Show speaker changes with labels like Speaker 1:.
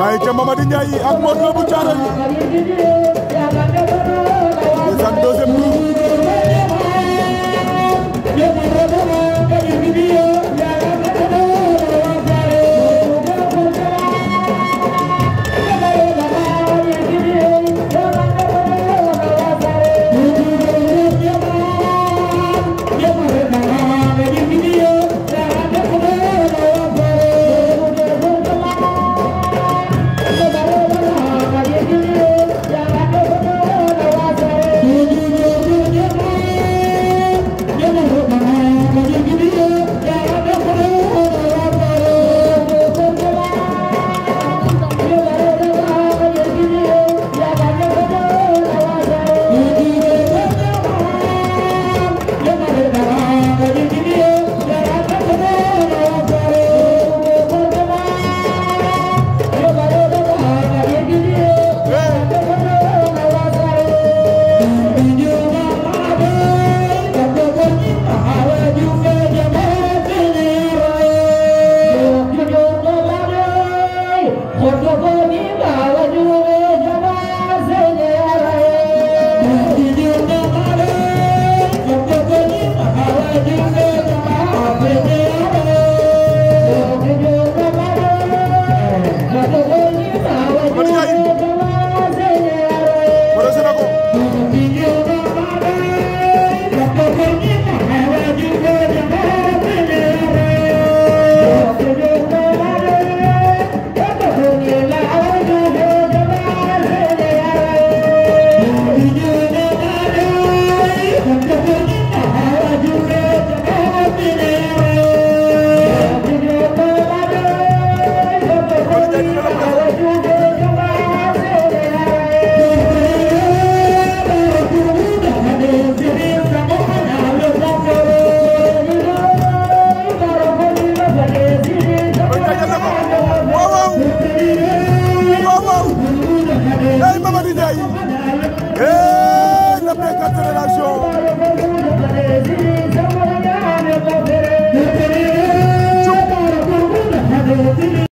Speaker 1: ay ca Mamadi Ndiaye ak Modou Lo bu Thiaroye Thank you. la